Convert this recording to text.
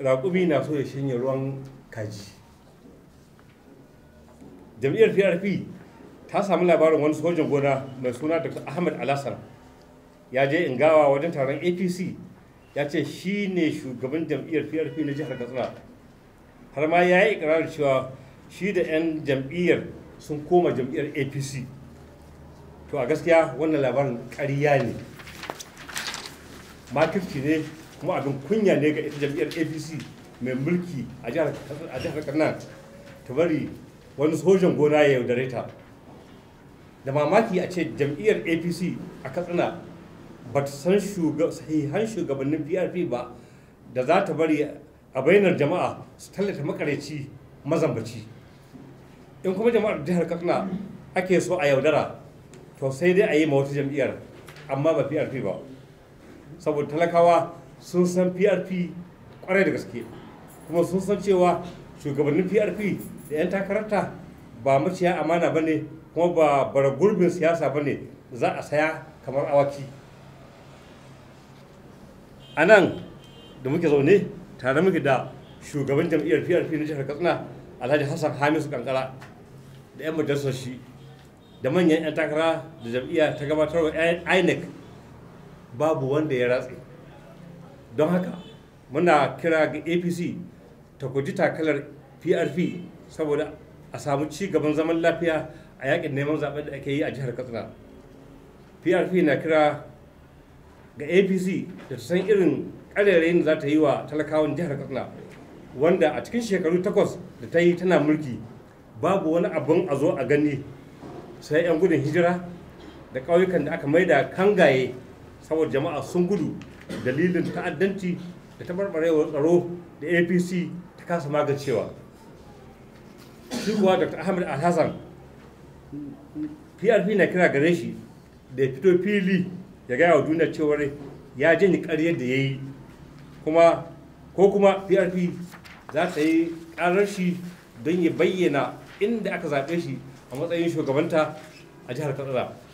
raƙumi na so ya shanye ruwan kaji jam'iyyar prp ta samu labarin wani sojan gona mai suna dr ahmed alassar ya je ingawa wajen taron apc ya ce shi ne shugaban jam'iyyar prp na jihar katsina har ma ya yi ikirarin cewa shi da 'yan jam'iyyar sun koma jam'iyyar apc to a gaskiya wannan labarin ƙarya ne makirci ne kuma abin kunya ne ga ita jam'iyyar apc mai mulki a jihar katsina ta bari wani sojan gona ya yaudare ta da mamaki a ce jam'iyyar apc a katsina ba ta san sahihan shugabannin prp ba da za ta bari a bainar jama'a su tallata makareci mazambaci in kuma jama'ar jihar katsina ake so a yaudara to sai dai a yi ma wata jam'iyyar amma ba prp ba saboda talakawa sun san prp kwarai da gaske kuma sun san cewa shugabannin prp da 'yan takararta ba maciya amana ba ne kuma ba bara gurbin siyasa ba ne za a saya kamar awaki a nan da muke zaune tare muke da shugaban jam'iyyar prp na jihar katsina alhaji hassan hamisu kankara da 'yan majalisar shi da manyan 'yan takara da jam'iyya ta gabatarwa inec babu wanda ya ratse don haka muna kira ga apc ta guji takalar prp saboda a samu ci gaban zaman lafiya a yakin neman zaɓen da ake yi a jihar katsina prp na kira ga apc da ta san irin ƙarerayin da za ta yi wa talakawan jihar katsina wanda a cikin shekaru takwas da ta yi tana mulki babu wani abin a zo a gani sai 'yan gudun hijira da ƙauyukan da aka maida kangaye saboda jama'a sun gudu dalilin ta'addanci da ta tabarbarewar tsaro da apc ta kasa magancewa shi kuwa dr ahmed alhassan prp na kira gare shi da ya fito fili ya gaya wa duniya cewar ya janye karyar da ya yi kuma ko kuma prp za ta yi ƙarar shi don ya bayyana inda aka zaɓe shi a matsayin shugabanta a jihar katsina